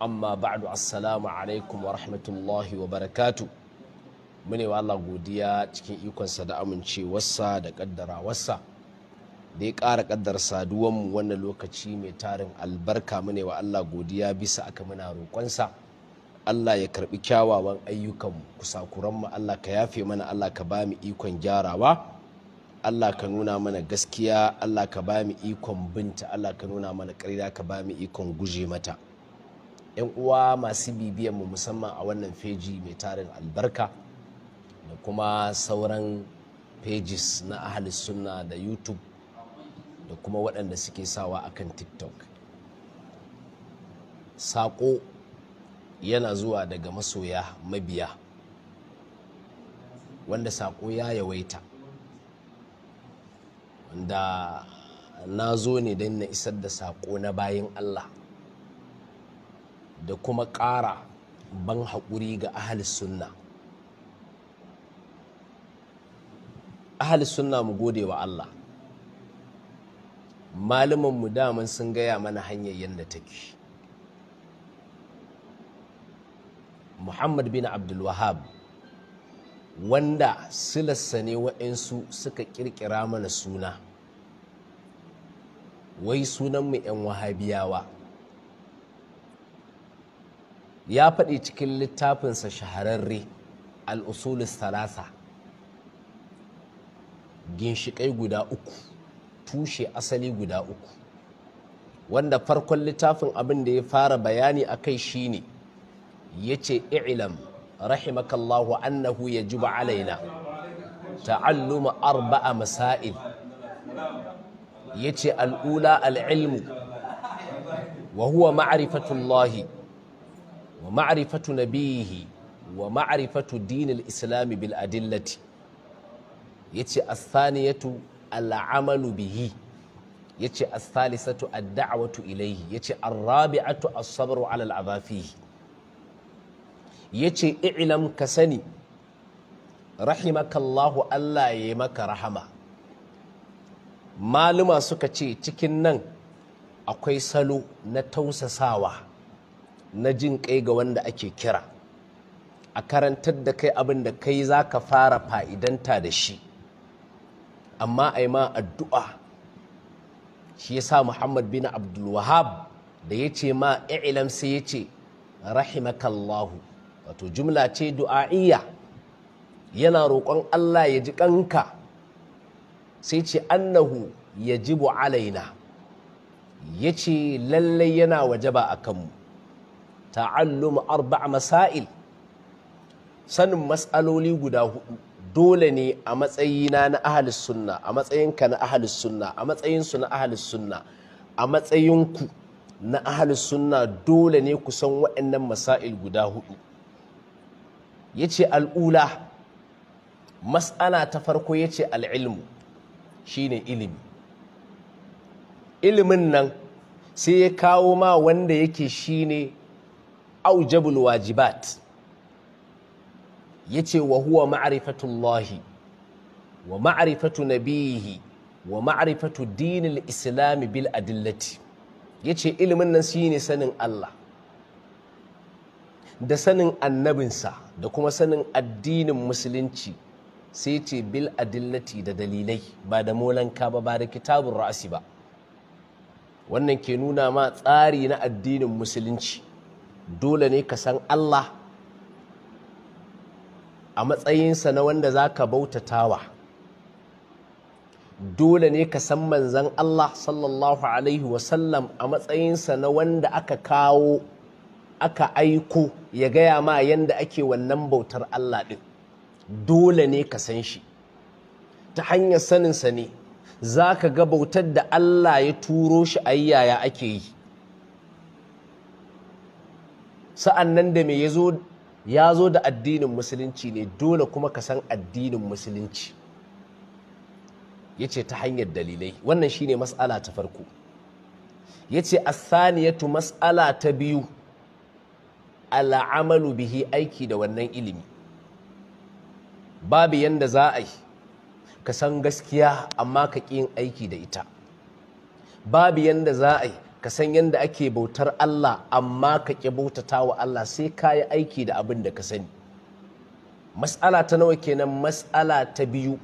amma ba'du assalamu alaikum wa rahmatullahi wa barakatu mune wa Allah godiya cikin ikonsa da amincewarsa da kaddarawarsa da ya ƙara kaddar saduwanmu wannan lokaci mai tarin albarka mune wa Allah godiya bisa aka muna roƙonsa Allah ya karɓi kyawawan ayyukanmu kusakuranmu Allah ka yafe mana Allah ka ba mu ikon gyarawa Allah ka nuna mana gaskiya Allah ka ba mu ikon binta Allah ka nuna mana ƙarya ka ba mu ikon guje mata 'yan uwa masu bibiyan mu musamman a wannan feji mai tarin albarka da kuma sauran pages na ahalis sunna da youtube da kuma waɗanda suke sawa a kan tiktok saƙo yana zuwa daga masoya mabiya wanda saƙo ya yawaita wanda na zo ne don na isar da saƙo na bayan allah da kuma ƙara ban haƙuri ga ahalis sunna ahalis sunna mu gode wa Allah mu daman sun gaya mana hanyar yadda take muhammad bin abdulwahab wanda silassa ne waɗansu suka ƙirƙira mana suna wai sunan mu 'yan wahabiyawa ya faɗi cikin littafinsa shahararre al'usulis talasa ginshiƙai guda uku tushe asali guda uku wanda farkon littafin abin da ya fara bayani a kai shi ne ya ce ilam rahimakallahu annahu ya ji alaina ta'alluma arba'a masa'il ya ce al'ula al'ilmu wa huwa ma'arifatullahi wa ma'rifatu nabihi wa ma'rifatu dinil islami bil adillati yace as-saniyatu al-amalu bihi yace as-salisatu ad-da'watu ilayhi yace ar-rabi'atu as-sabru 'ala al yace i'lam ka sani rahimakallahu Allah ya maka rahama maluma suka ce cikin nan akwai salo na tausasawa na jin kai ga wanda ake kira a karantar da kai abin da kai za ka fara fa'idanta da shi amma a ma addu'a shi ya sa muhammad bin abdulwahab da ya ce ma ilam sai ya ce rahimakallahu wato jumla ce du'a'iyya yana roƙon allah ya ji ƙanka sai ce annahu ya jibu alaina ya ce lallai yana wajaba a kanmu ta'allum arba'a masail sanin matsaloli guda hudu dole ne a matsayina na ahalis sunna a ka na ahalis sunna a su na ahalis sunna a ku na ahalis sunna dole ne ku san waɗannan masail guda hudu ya ce al'ula masala ta farko ya ce al'ilmu shi ne ilimi ilimin nan sai ya kawo ma wanda yake shi ne aujabul wajibat yace wa huwa ma'arifatullahi wa ma'arifatu nabihi wa ma'arifatu dinin islami bil adillati yace ilimin nan shine sanin Allah da sanin annabinsa da kuma sanin addinin musulunci sai ce bil adillati da dalilai ba da molanka ba ba da kitabun ra'asi ba wannan ke nuna ma tsari na addinin musulunci dole ne ka san Allah a matsayinsa na wanda za ka bautatawa dole ne ka san manzan Allah sallallahu Alaihi wasallam a matsayinsa na wanda aka kawo aka aiko ya gaya ma yadda ake wannan bautar Allah ɗin dole ne ka san shi ta hanyar saninsa ne za ka ga bautar da Allah ya turo shi ayyaya ake yi sa'an nan da me ya zo da addinin musulunci ne dole kuma ka san addinin musulunci ya ce ta hanyar dalilai wannan shine mas'ala ta farko ya ce asaniyatu mas'ala ta biyu al'amalu bihi aiki da wannan ilimi babu yanda za a yi ka san gaskiya amma ka ƙin yin aiki da ita babu yanda za a yi ka san yadda ake bautar Allah amma ka ƙi bautata wa Allah sai ka yi aiki da abin da ka sani mas'ala ta nawa kenan mas'ala ta biyu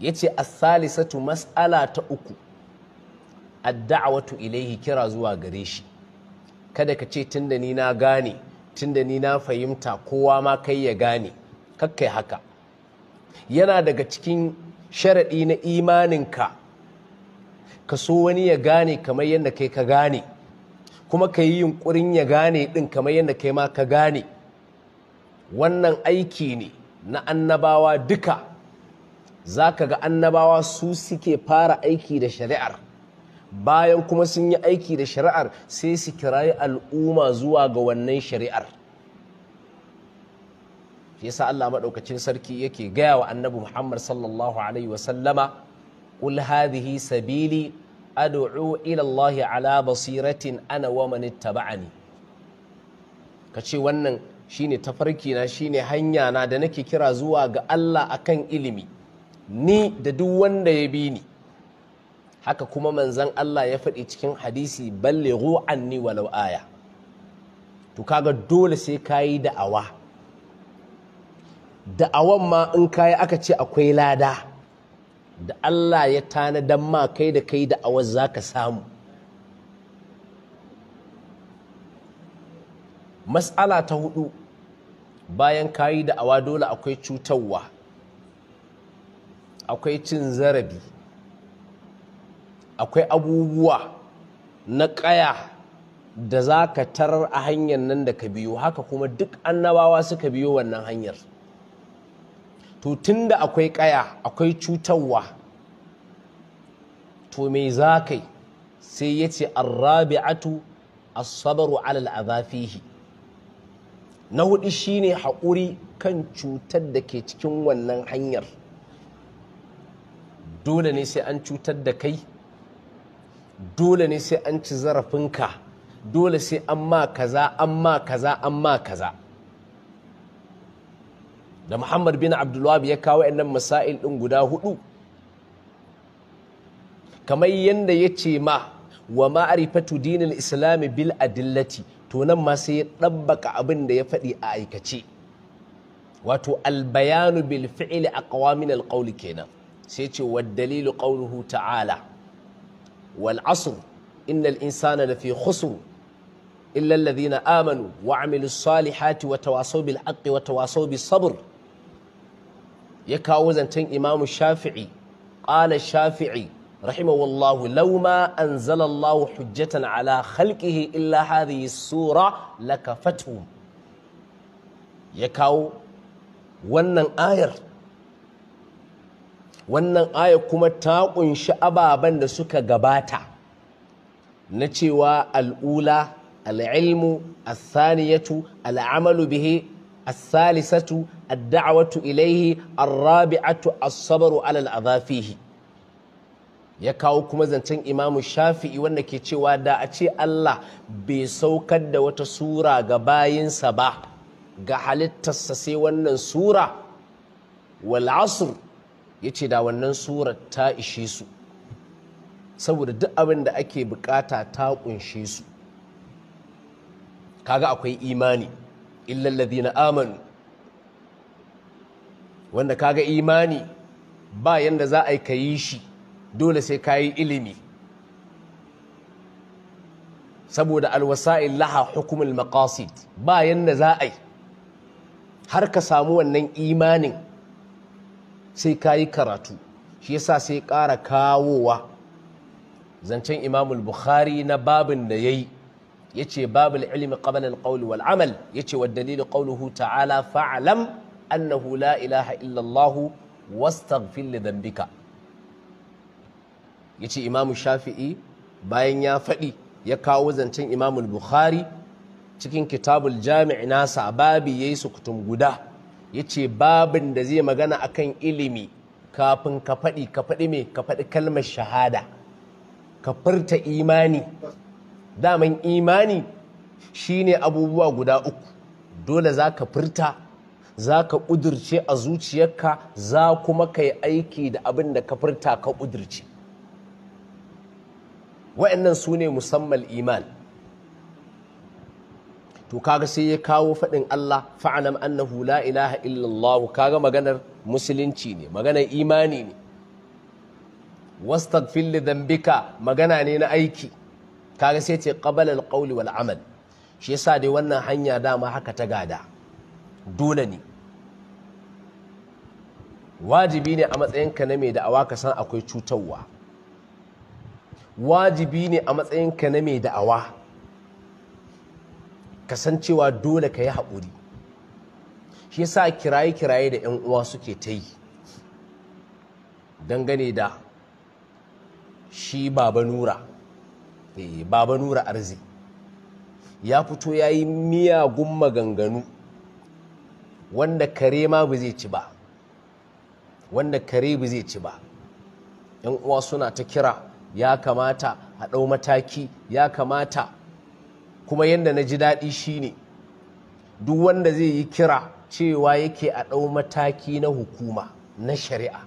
yace as tu mas'ala ta uku ad ilaihi kira zuwa gare shi kada ka ce tunda ni na gane tunda ni na fahimta kowa ma kai ya gane kakkai haka yana daga cikin sharaɗi na imaninka ka so wani ya gane kamar yadda kai ka gane kuma ka yi yunkurin ya gane ɗin kamar yadda kai ma ka gane wannan aiki ne na annabawa duka za ka ga annabawa su suke fara aiki da shari'ar bayan kuma sun yi aiki da shari'ar sai su kirayi al'umma zuwa ga wannan shari'ar yasa Allah maɗaukacin sarki yake gaya wa annabi Muhammad sallallahu alaihi wasallama qul hadhihi sabili ad'u ilallahi ala basiratin ana wa man ittaba'ani kace wannan shine tafarki na shine hanya na da nake kira zuwa ga Allah akan ilimi ni da duk wanda ya bi ni haka kuma manzan Allah ya faɗi cikin hadisi ballighu anni walau aya to kaga dole sai kayi da'awa da'awan ma in kayi aka ce akwai lada da Allah ya tanadan ma kai da kai da awar za ka samu matsala ta hudu bayan kayi da awa dole akwai cutarwa akwai cin zarabi akwai abubuwa na ƙaya da za ka tarar a hanyar nan da ka biyo haka kuma duk annabawa suka biyo wannan hanyar to tun da akwai kaya akwai cutarwa to mai za kai sai ya ce arrabi'atu a alal 'ala al-adhafihi na hudu shine haƙuri kan cutar da ke cikin wannan hanyar dole ne sai an cutar da kai dole ne sai an ci zarafinka dole sai an ma kaza an ma kaza an ma kaza da Muhammad bin Abdulwahab ya kawo ɗan masail ɗin guda hudu kamar yadda ya ce ma wa ma'arifatu dinin islami bil adillati to nan ma sai ya ɗabbaka abin da ya faɗi a aikace wato albayanu bil fi'li a al qawli kenan sai ce wa dalilu qawluhu ta'ala wal asr innal insana lafi khusr illa alladhina amanu wa amilu salihati wa tawasaw bil haqqi wa tawasaw bis sabr ya kawo zancen imamu shafi'i ƙala shafi'i rahimahullahu lauma anzalallahu hujjatan ala khalqihi illa hadhihi sura lakafatu ya kawo wannan ayar wannan ayar kuma ta kunshi ababen da suka gabata na cewa al'ula al'ilmu al-thaniyatu al'amalu bihi الثالثة الدعوة إليه الرابعة الصبر Asabaru الأذى ya kawo kuma zancen imamu shafi'i wanda ke cewa da a ce Allah bai saukar da wata sura ga bayinsa ba ga halittarsa sai wannan sura walasur ya ce da wannan surar ta ishe su saboda duk abin da ake bukata ta kunshe su kaga akwai imani illallazi na amanu wanda kaga imani ba yanda za a yi ka yi shi dole sai ka yi ilimi saboda alwasa'il laha hukumul maqasid ba yanda za a yi har ka samu wannan imanin sai ka yi karatu shi yasa sai kara kawowa zancen imamul bukhari na babin da ya yi yace babu ilmi qabla al wal amal yace wa dalil qawluhu ta'ala fa'lam annahu la ilaha illa Allah wastaghfir li dhanbika yace Imam Shafi'i bayan ya faɗi ya kawo zancen Imam Bukhari cikin kitabul jami' nasa babi yayi sukutum guda yace babin da zai magana akan ilimi kafin ka faɗi ka fadi me ka faɗi kalmar shahada ka furta imani daman imani shine abubuwa guda uku dole za ka furta za ka ƙudurce a zuciyarka za kuma ka yi aiki da abin da ka furta ka ƙudurce wa'annan su ne musamman iman to kaga sai ya kawo faɗin Allah fa'alam annahu la ilaha illallah kaga maganar musulunci ne maganar imani ne wastagfir li dhanbika magana ne na aiki kaga sai ce ƙabalar alqawli wal amal shi yasa dai wannan hanya dama haka ta gada dole ne wajibi ne a matsayinka na mai da'awa ka san akwai cutarwa wajibi ne a matsayinka na mai da'awa ka san cewa dole ka yi haƙuri shi yasa kiraye-kiraye da 'yan uwa suke ta yi dangane da shi baba nura Eh, baba nura arzi ya fito ya yi miyagun maganganu wanda kare ma ba zai ci ba wanda kare ba zai ci ba yan uwa suna ta kira ya kamata a ɗau mataki ya kamata kuma yadda na ji daɗi shine duk wanda zai yi kira cewa yake a ɗau mataki na hukuma na shari'a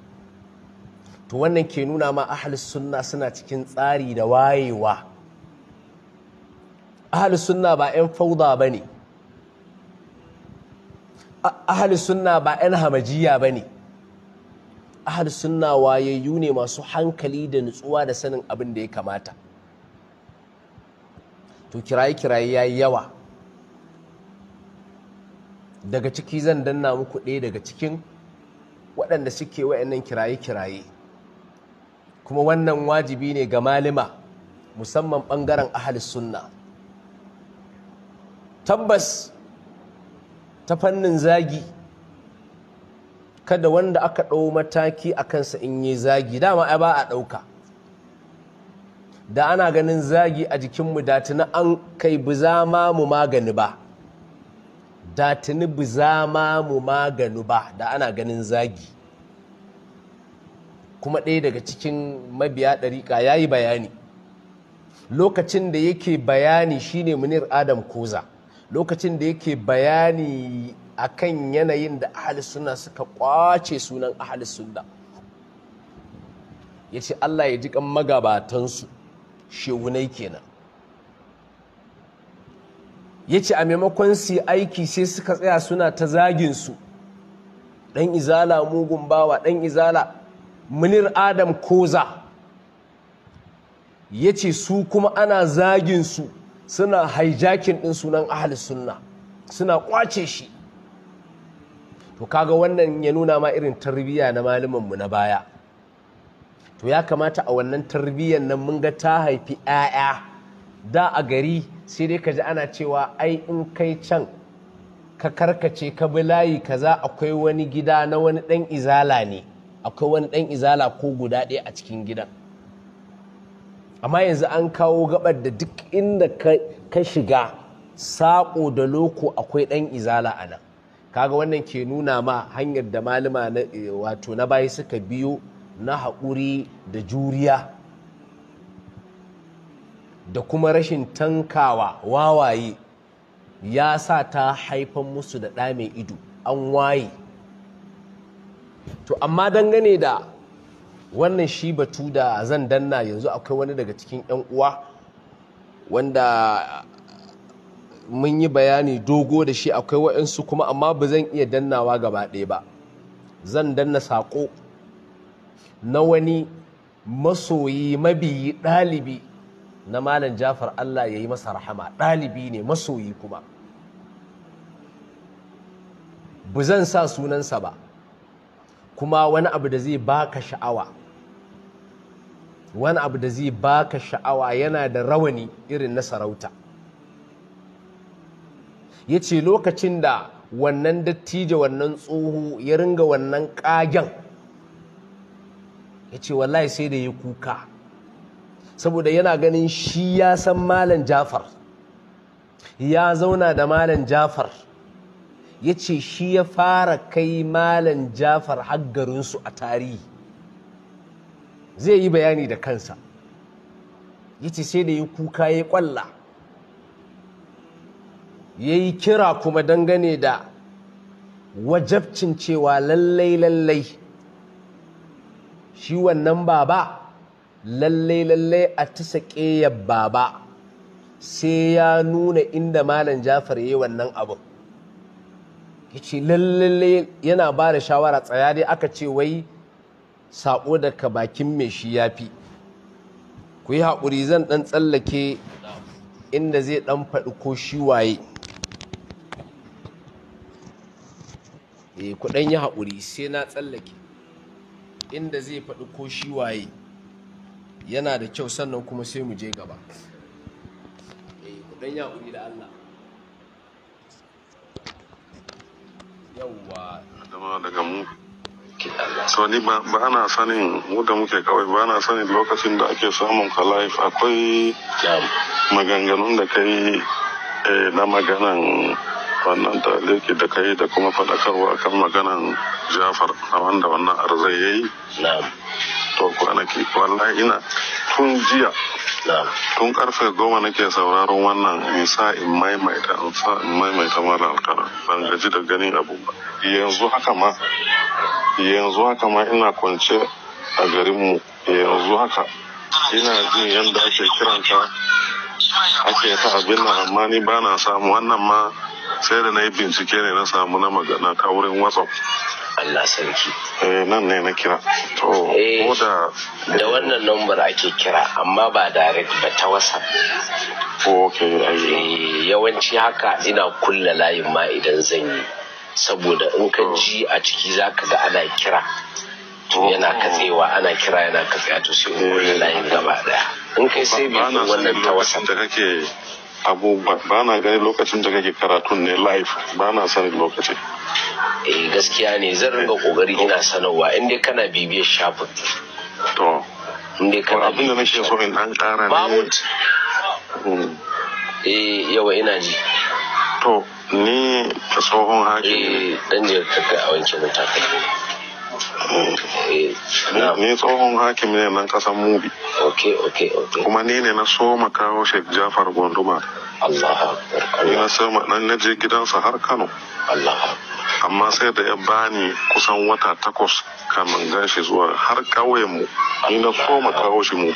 to wannan ke nuna ma ahal sunna suna cikin tsari da wayewa Ahal sunna ba 'yan fauda ba ne sunna ba 'yan hamajiya bane ne ahalus sunna wayayyu ne masu hankali da nutsuwa da sanin abin da ya kamata to kiraye-kiraye ya yi yawa daga ciki zan danna muku ɗaya daga cikin waɗanda suke wa'annan kiraye-kiraye kuma wannan wajibi ne ga malima musamman ɓangaren ahal sunna tabbas ta fannin zagi kada wanda aka ɗau mataki a kansa in yi zagi dama ba a ɗauka da ana ganin zagi a jikinmu da tuni an kai bizama mu magani ba da tuni bizama mu magani ba da ana ganin zagi kuma ɗaya daga cikin mabiya ɗariƙa ya yi bayani lokacin da yake bayani shine munir adam koza lokacin da yake bayani a kan yanayin da ahalis suna suka kwace sunan ahalis sunna ya ce Allah ya jiƙan magabatansu shehunai kenan ya ce a maimakon su aiki sai suka tsaya suna ta zaginsu ɗan izala mugun bawa ɗan izala munir adam koza ya ce su kuma ana zaginsu suna hijacking din sunan ahli sunna suna kwace shi to kaga wannan ya nuna ma irin tarbiyya na malamin mu na baya to ya kamata a wannan tarbiyyar nan mun ga ta haifi 'ya'ya da a gari sai dai kaji ana cewa ai in kai can ka karkace ka bi layi kaza akwai wani gida na wani dan izala ne akwai wani dan izala ko guda ɗaya a cikin gidan amma yanzu an kawo gabar da duk inda ka shiga saƙo da loko akwai ɗan izala a nan kaga wannan ke nuna ma hanyar da malama e, wato na bayi suka biyo na haƙuri da juriya da kuma rashin tankawa wawaye ya sa ta haifan musu da ɗa mai ido an waye to amma dangane da wannan shi batu da zan danna yanzu akwai wani daga cikin 'yan uwa wanda mun yi bayani dogo da shi akwai wa'insu kuma amma ba zan iya dannawa gaba ɗaya ba zan danna saƙo na wani masoyi mabiyi ɗalibi na malam jafar allah ya yi masa rahama ɗalibi ne masoyi kuma ba zan sa sunansa ba kuma wani abu da zai baka sha'awa wani abu da zai baka sha'awa yana da rawani irin na sarauta ya ce lokacin da wannan dattijo wannan tsoho ya ringa wannan ƙagen ya ce wallahi sai da ya kuka saboda yana ganin shi ya san malam jafar ya zauna da malam jafar ya ce shi ya fara kai malam jafar haggarinsu a tarihi zai yi bayani da kansa ce sai da yi kuka ya kwalla ya yi kira kuma dangane da wajabcin cewa lallai lallai shi wannan baba lallai lallai a tisa ƙeyar baba sai ya nuna inda malam jafar ya yi wannan abu ya ce lallai yana ba da shawara tsaya dai aka ce wai saƙo daga bakin mai shi ya fi ku yi haƙuri zan ɗan tsallake inda zai ɗan faɗi ko shi waye eh, ku ɗan yi haƙuri sai na tsallake inda zai faɗi ko shi waye yana da kyau sannan kuma sai mu je gaba eh, ku ɗan yi haƙuri da Allah yawwa daga mu so ni ba ana sanin wanda muke kawai ba ana sanin lokacin da ake samun ka life akwai maganganun da kai eh, na maganan wannan da leke da kai da kuma faɗakarwa kan maganan jafar a wanda wannan arzai ya yi to kwanaki wallahi ina tun jiya tun karfe goma nake sauraron wannan in sa in maimaita in sa in maimaita mara alkara ban gaji da ganin abu ba yanzu haka ma yanzu haka ma ina kwance a garinmu yanzu haka ina jin yadda ake kiranta ake ta abin nan amma ni ba na samu wannan ma sai da na yi bincike ne na samu na magana ta wurin whatsapp Allah sarki eh nan ne na kira to eh, ko da da wannan number ake kira amma ba direct ba ta WhatsApp okay eh, yawanci haka ina kulla layin ma idan zan yi saboda in ka ji a ciki zaka ga ana kira to yana katsewa ana kira yana katsewa to sai eh. kulla layin gaba daya in kai sai bi wannan ta WhatsApp da kake abubuwa ba na gani lokacin da kake karatun ne live ba na sanin lokacin eh gaskiya ne zan ringa kokari ina sanarwa in dai kana bibiyar shafin to in dai kana abin da nake so in an kara ne Mahmud eh yawa ina ji to ni tsohon hakimi eh dan jiya kaka a wancan mun takalmi hmm. eh. ni tsohon hakim ne nan kasan mubi kuma ni ne na soma kawo shek jafar gonduma Allah na ma nan na je gidansa har kano Allah amma sai da ya bani kusan wata takwas kamin ganshi zuwa har mu ni na koma kawo shi mu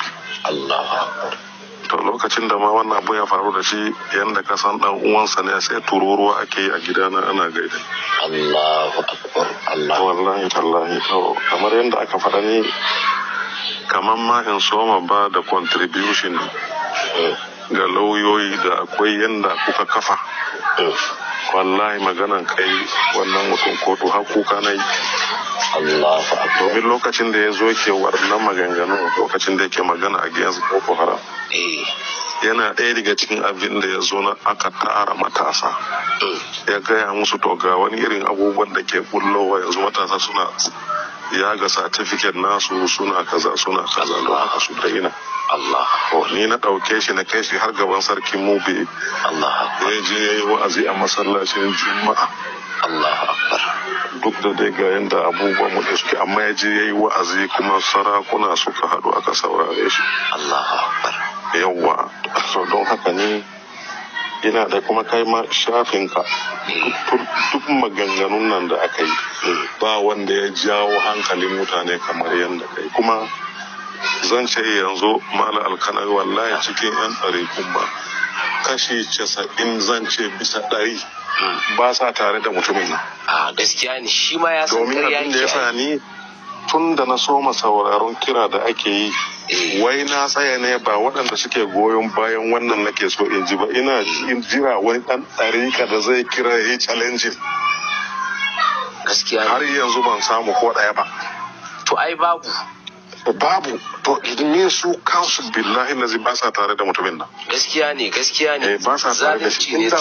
to lokacin da ma wannan abu ya faru da shi yadda ka san dan uwansa ne sai tururuwa ake yi a gidana ana gaida Allah wallahi tallahi kamar yadda aka faɗa ne. kamar ma in soma ba da contribution eh. ga lauyoyi da akwai yadda kuka kafa eh. wallahi maganan kai wannan mutum kotu har kuka na yi domin lokacin da ya zo ke waɗannan maganganu lokacin da yake magana a gidansu boko haram eh. yana ɗaya daga cikin abin da ya zo na aka tara matasa ya gaya musu to ga wani irin abubuwan da ke bullowa yanzu matasa suna ya ga satifiket nasu suna kaza suna kaza da su daina Allah to ni na ɗauke shi na kai shi har gaban sarkin mube Allah ya je ya wa'azi a masallacin juma'a Allah akbar duk da dai ga yadda abubuwan mu da suke amma ya je ya wa'azi kuma sarakuna suka haɗu aka saurare shi Allah akbar Yawa. So don haka ni, ina da kuma kai ma shafin ka. duk maganganun nan da aka yi eh. ba wanda ya jawo hankalin mutane kamar yadda kai kuma zan ce yanzu mala alkanar wallahi cikin 'yan ɗarikun ba kashi casa'in zan ce bisa ɗari ba sa tare da mutumin nan. a gaskiya ne shi ma ya san domin abin da ya sa ni tun da na soma sauraron kira da ake yi eh. wai na tsaya ne ba waɗanda suke goyon bayan wannan nake so in ji ba ina jira wani ɗan ɗarika da zai kira ya yi challenge gaskiya har yanzu ban samu ko ɗaya ba to ai babu babu to me su kansu billahi na ba sa tare da mutumin nan gaskiya ne gaskiya ne eh, ba sa tare da shi inda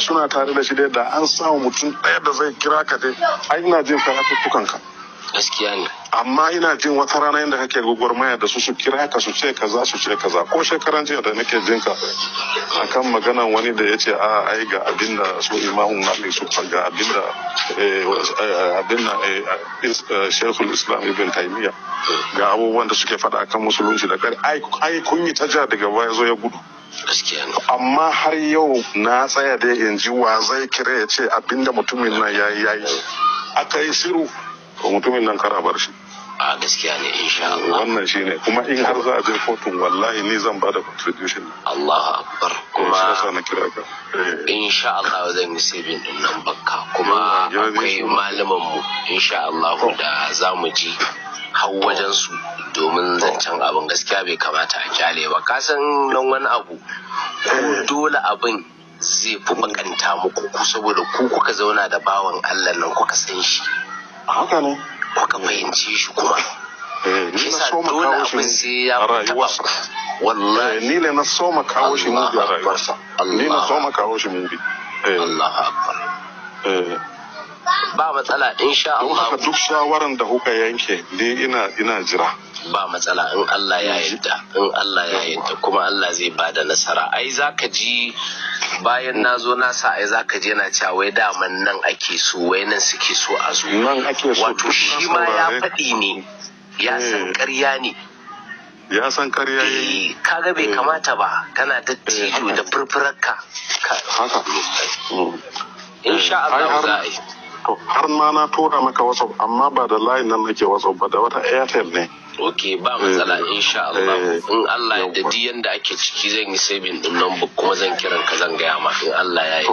suna tare da shi da an samu mutum ɗaya da zai kira ka dai ai ina jin karatuttukan ka gaskiya ne amma ina jin wata rana yadda kake gwagwarmaya da su su kira ka su ce kaza su ce kaza ko shekaran jiya da nake jin ka A kan maganan wani da ya ce a ai ga abin da su imamun malik su ga abin da eh, eh, eh, shekul islam ibn taimiyya ga abubuwan da suke faɗa akan musulunci da kare ai kun yi ta ja daga baya zo ya gudu amma har yau na tsaya da yanzu wa zai kira ya ce abinda mutumin nan ya yi aka yi shiru Ka mutumin nan kara bar shi a gaskiya ne insha Allah wannan shine kuma in har za a je kotun wallahi ni zan bada contribution Allahu akbar kuma eh, shi na kira ka eh. insha Allah zan yi saving din nan bakka kuma akwai malaman mu insha Allah da zamu ji har wajen su domin zancen abin gaskiya bai kamata a kyale ba kasan nan wani abu ko eh. dole abin zai fi makanta muku saboda ku kuka zauna da bawan Allah nan kuka san shi haka ne ka fahimce shi kuma eh, ni na so mu kawo shi a rayuwa. wallahi eh, ni ne na so mu kawo shi mubi a rayuwarsa ni na so mu kawo shi eh. akbar ba matsala insha Allah duk shawaran da kuka yanke ni ina ina jira ba matsala in Allah ya yarda in Allah ya yarda kuma Allah zai ba da nasara ai zaka ji bayan na zo na sa ai zaka ji yana cewa wai daman nan ake so wai nan suke so a zo wato shi ma ya faɗi hmm. ne ya san ƙarya ne ya san karya Ka kaga bai hmm. kamata ba kana ta eh, tijo da furfurarka haka hmm. insha eh, Allah za a yi har ma na tura maka WhatsApp amma ba da layin nan nake WhatsApp ba da wata airtel ne ok ba matsala eh, insha Allah eh, in Allah ya dadi yanda ake ciki zan yi saving din nan kuma zan kiran ka zan gaya ma in Allah ya yi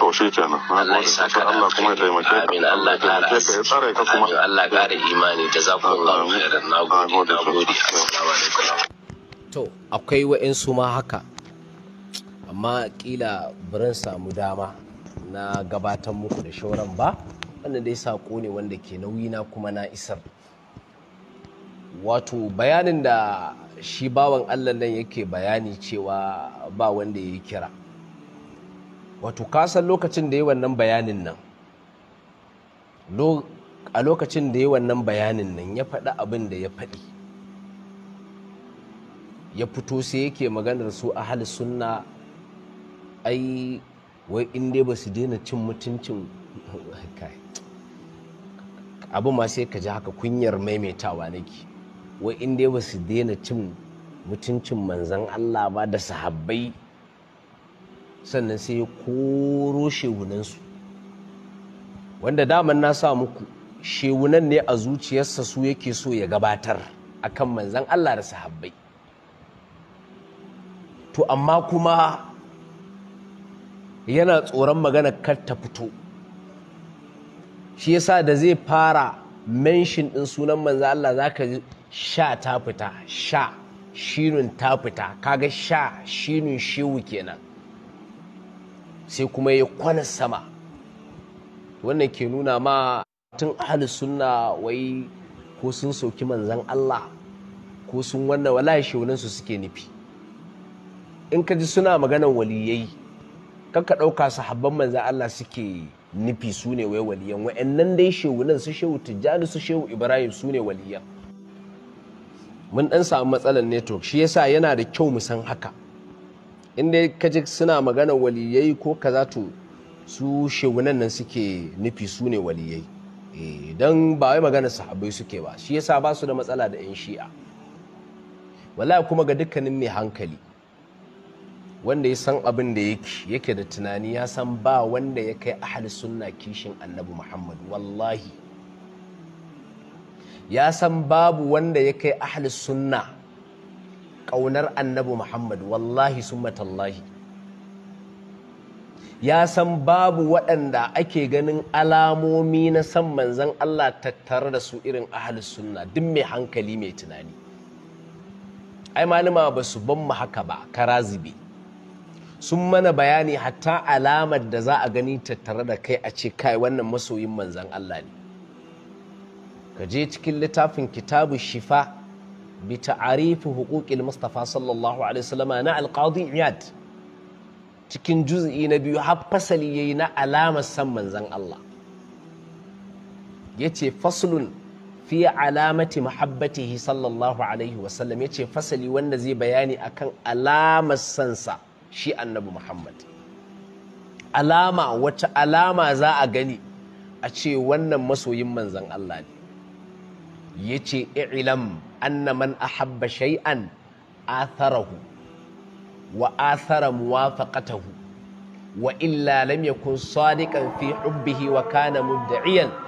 to shi kenan Allah ya saka Allah kuma ya taimake ka amin Allah kara ka ya tsare ka kuma Allah kare imani da za ku na gode nagode gode assalamu alaikum to akwai wa'ansu ma haka amma kila burin samu dama na gabatar muku da shauran ba wannan dai sako ne wanda ke nauyi na kuma na isar wato bayanin da shi bawan allah nan yake bayani cewa ba wanda ya kira wato kasan lokacin da ya wannan bayanin nan a lokacin da ya wannan bayanin nan ya faɗi abin da ya faɗi ya fito sai yake maganar su a hal sunna ai wai in dai ba su daina cin mutuncin abin ma sai ka ji haka kunyar maimaitawa nake wai in dai ba su daina cin mutuncin manzan Allah ba da sahabbai sannan sai ya koro shewunansu wanda daman na sa muku shewunan ne a zuciyarsa su yake so ya gabatar a kan manzan Allah da sahabbai to amma kuma yana tsoron magana kar ta fito shi yasa da zai fara menshin ɗin sunan manzan Allah za ka sha ta fita sha shirin ta fita kaga sha shirin shiwu kenan sai kuma ya kwana sama wannan ke nuna ma tun ahalus sunna wai ko sun soki manzan Allah ko sun wannan wani su suke nufi in ka ji suna maganan waliyai kakka ɗauka habban manzan Allah suke nufi su ne wai waliyan wa'annan dai shewunan su shehu tijjani su shehu ibrahim su ne waliyan mun dan samu matsalar network shi yasa yana da kyau mu san haka inda ka ji suna magana waliyai ko kaza to su shegunan nan suke nufi su ne waliyai eh, don ba wai magana sahabbai suke ba shi yasa ba su da matsala da 'yan shi'a wala kuma ga dukkanin mai hankali wanda ya san abin da yake da tunani ya san ba wanda ya kai ahal sunna kishin annabi muhammad wallahi ya san babu wanda ya kai ahlus sunna ƙaunar annabi Muhammad wallahi sumatallahi ya san babu waɗanda ake ganin alamomi na san manzan Allah tattare da su irin ahlus sunna duk mai hankali mai tunani ai malama ba su ban mu haka ba karazibi sun mana bayani hatta alamar da za a gani tattare da kai a ce kai wannan masoyin manzan Allah ne ka je cikin littafin kitabu shifa bi ta'arifi huquqil mustafa sallallahu alaihi na alqadi iyad cikin juz'i na biyu har fasali yayi na alamar san manzon Allah yace faslun fi alamati muhabbatihi sallallahu alaihi wasallam yace fasali wanda zai bayani akan alamar sansa shi annabi Muhammad alama wacce alama za a gani a ce wannan masoyin manzon Allah ne yace i'lam annaman man ahabba shay'an atharahu wa athara muwafaqatahu wa illa lam yakun sadiqan fi hubbihi wa kana mudda'iyan